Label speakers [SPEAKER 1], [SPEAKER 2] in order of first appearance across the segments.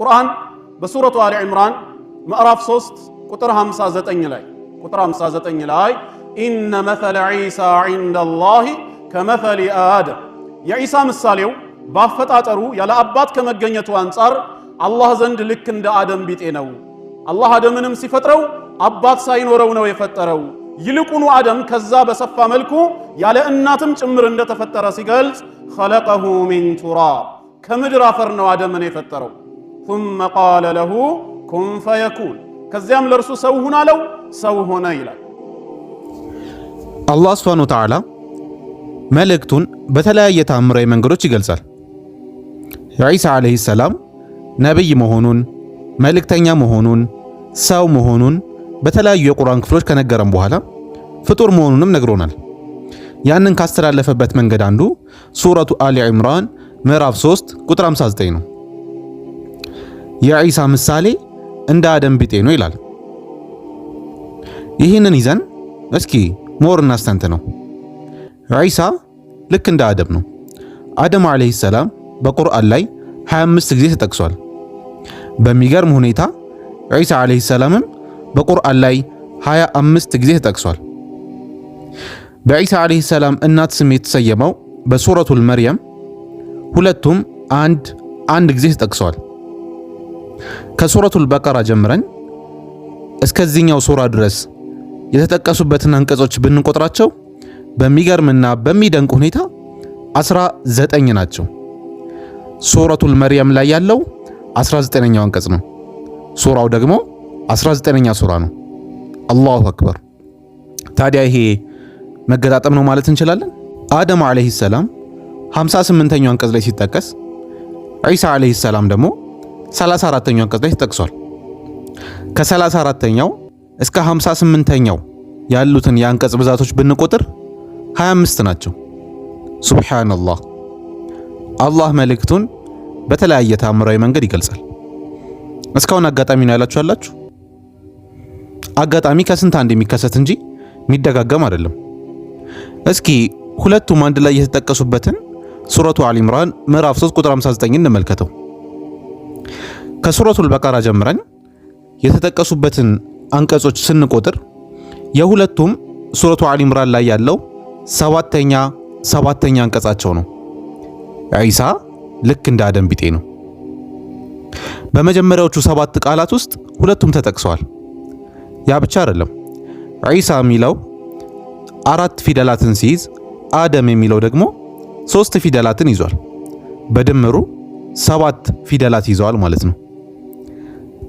[SPEAKER 1] ቁርአን በሱረቱ አሊ ዕምራን ምዕራፍ 3 ቁጥር 59 ላይ ቁጥር 59 ላይ ኢነ መተለ ዒሳ ዒንደ ላሂ አደም የዒሳ ምሳሌው ባፈጣጠሩ ያለ አባት ከመገኘቱ አንጻር አላህ ዘንድ ልክ እንደ አደም ቢጤ ነው። አላህ አደምንም ሲፈጥረው አባት ሳይኖረው ነው የፈጠረው። ይልቁኑ አደም ከዛ በሰፋ መልኩ ያለ እናትም ጭምር እንደተፈጠረ ሲገልጽ ኸለቀሁ ሚን ቱራብ ከምድር አፈር ነው አደምን የፈጠረው። ثم قال له ኩን ፈየኩን ከዚያም ለእርሱ ሰው ሁን አለው፣ ሰው ሆነ ይላል።
[SPEAKER 2] አላህ ሱብሓነሁ ወተዓላ መልእክቱን በተለያየ ታምራዊ መንገዶች ይገልጻል። ዒሳ ዓለይሂ ሰላም ነቢይ መሆኑን መልእክተኛ መሆኑን ሰው መሆኑን በተለያዩ የቁርአን ክፍሎች ከነገረም በኋላ ፍጡር መሆኑንም ነግሮናል። ያንን ካስተላለፈበት መንገድ አንዱ ሱረቱ አሊ ዒምራን ምዕራፍ 3 ቁጥር 59 ነው። የዒሳ ምሳሌ እንደ አደም ቢጤ ነው ይላል። ይህንን ይዘን እስኪ ሞር እናስተንት ነው። ዒሳ ልክ እንደ አደም ነው። አደም ዓለይሂ ሰላም በቁርአን ላይ 25 ጊዜ ተጠቅሷል። በሚገርም ሁኔታ ዒሳ ዓለይሂ ሰላምም በቁርአን ላይ 25 ጊዜ ተጠቅሷል። በዒሳ ዓለይሂ ሰላም እናት ስም የተሰየመው በሱረቱል መርየም ሁለቱም አንድ አንድ ጊዜ ተጠቅሰዋል። ከሱረቱል በቀራ ጀምረን እስከዚህኛው ሱራ ድረስ የተጠቀሱበትን አንቀጾች ብንቆጥራቸው በሚገርምና በሚደንቅ ሁኔታ 19 ናቸው። ሱረቱል መርየም ላይ ያለው 19ኛው አንቀጽ ነው። ሱራው ደግሞ 19ኛ ሱራ ነው። አላሁ አክበር። ታዲያ ይሄ መገጣጠም ነው ማለት እንችላለን። አደም ዓለይሂ ሰላም 58ኛው አንቀጽ ላይ ሲጠቀስ ዒሳ ዓለይሂ ሰላም ደግሞ 34ኛው አንቀጽ ላይ ተጠቅሷል። ከ34ኛው እስከ 58ኛው ያሉትን የአንቀጽ ብዛቶች ብንቆጥር 25 ናቸው። ሱብሃነላህ። አላህ መልእክቱን በተለያየ ተአምራዊ መንገድ ይገልጻል። እስካሁን አጋጣሚ ነው ያላችሁ አላችሁ። አጋጣሚ ከስንት አንድ የሚከሰት እንጂ የሚደጋገም አይደለም። እስኪ ሁለቱም አንድ ላይ የተጠቀሱበትን ሱረቱ አሊ ኢምራን ምዕራፍ 3 ቁጥር 59 እንመልከተው። ከሱረቱል በቀራ ጀምረን የተጠቀሱበትን አንቀጾች ስንቆጥር የሁለቱም ሱረቱ አሊምራን ላይ ያለው ሰባተኛ ሰባተኛ አንቀጻቸው ነው። ዒሳ ልክ እንደ አደም ቢጤ ነው። በመጀመሪያዎቹ ሰባት ቃላት ውስጥ ሁለቱም ተጠቅሰዋል። ያ ብቻ አይደለም። ዒሳ የሚለው አራት ፊደላትን ሲይዝ አደም የሚለው ደግሞ ሶስት ፊደላትን ይዟል። በድምሩ ሰባት ፊደላት ይዘዋል ማለት ነው።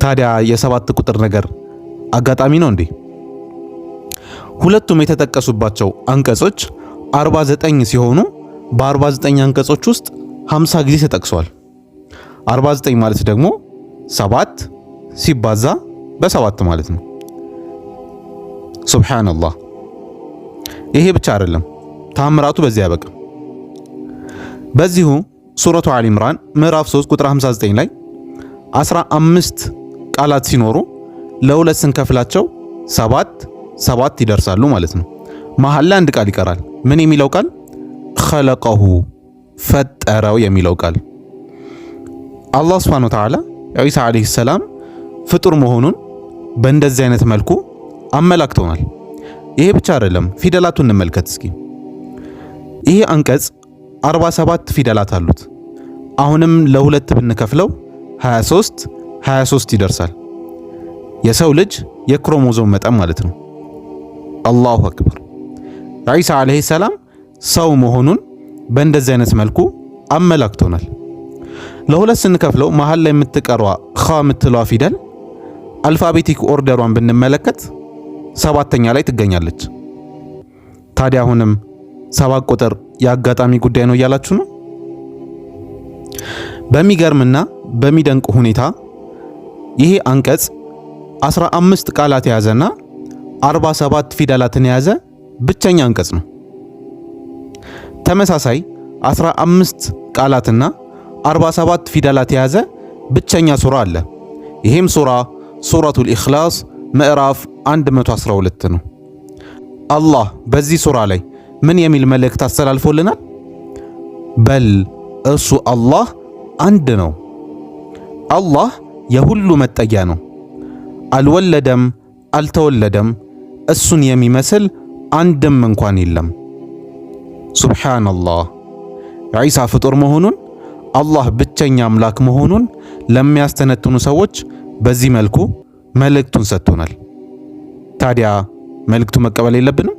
[SPEAKER 2] ታዲያ የሰባት ቁጥር ነገር አጋጣሚ ነው እንዴ? ሁለቱም የተጠቀሱባቸው አንቀጾች 49 ሲሆኑ በ49 አንቀጾች ውስጥ 50 ጊዜ ተጠቅሷል። 49 ማለት ደግሞ ሰባት ሲባዛ በሰባት ማለት ነው። ሱብሃንአላህ። ይሄ ብቻ አይደለም፣ ታምራቱ በዚህ ያበቃ። በዚሁ ሱረቱ አሊ ኢምራን ምዕራፍ 3 ቁጥር 59 ላይ 15 ቃላት ሲኖሩ ለሁለት ስንከፍላቸው ሰባት ሰባት ይደርሳሉ ማለት ነው። መሀል ላይ አንድ ቃል ይቀራል። ምን የሚለው ቃል? ኸለቀሁ ፈጠረው የሚለው ቃል። አላህ ሱብሓነሁ ወተዓላ ዒሳ ዓለይሂ ሰላም ፍጡር መሆኑን በእንደዚህ አይነት መልኩ አመላክተውናል። ይሄ ብቻ አይደለም። ፊደላቱን እንመልከት እስኪ። ይሄ አንቀጽ 47 ፊደላት አሉት። አሁንም ለሁለት ብንከፍለው 23 23 ይደርሳል። የሰው ልጅ የክሮሞዞም መጠን ማለት ነው። አላሁ አክበር። ዒሳ ዓለይሂ ሰላም ሰው መሆኑን በእንደዚህ አይነት መልኩ አመላክቶናል። ለሁለት ስንከፍለው መሀል ላይ የምትቀሯ ኸ የምትለዋ ፊደል አልፋቤቲክ ኦርደሯን ብንመለከት ሰባተኛ ላይ ትገኛለች። ታዲያ አሁንም ሰባት ቁጥር የአጋጣሚ ጉዳይ ነው እያላችሁ ነው? በሚገርምና በሚደንቅ ሁኔታ ይሄ አንቀጽ 15 ቃላት የያዘና 47 ፊደላትን የያዘ ብቸኛ አንቀጽ ነው። ተመሳሳይ 15 ቃላትና 47 ፊደላት የያዘ ብቸኛ ሱራ አለ። ይህም ሱራ ሱረቱል ኢኽላስ ምዕራፍ 112 ነው። አላህ በዚህ ሱራ ላይ ምን የሚል መልእክት አስተላልፎልናል? በል እሱ አላህ አንድ ነው። አላህ የሁሉ መጠጊያ ነው። አልወለደም፣ አልተወለደም እሱን የሚመስል አንድም እንኳን የለም። ሱብሓነላህ ዒሳ ፍጡር መሆኑን አላህ ብቸኛ አምላክ መሆኑን ለሚያስተነትኑ ሰዎች በዚህ መልኩ መልእክቱን ሰጥቶናል። ታዲያ መልእክቱ መቀበል የለብንም?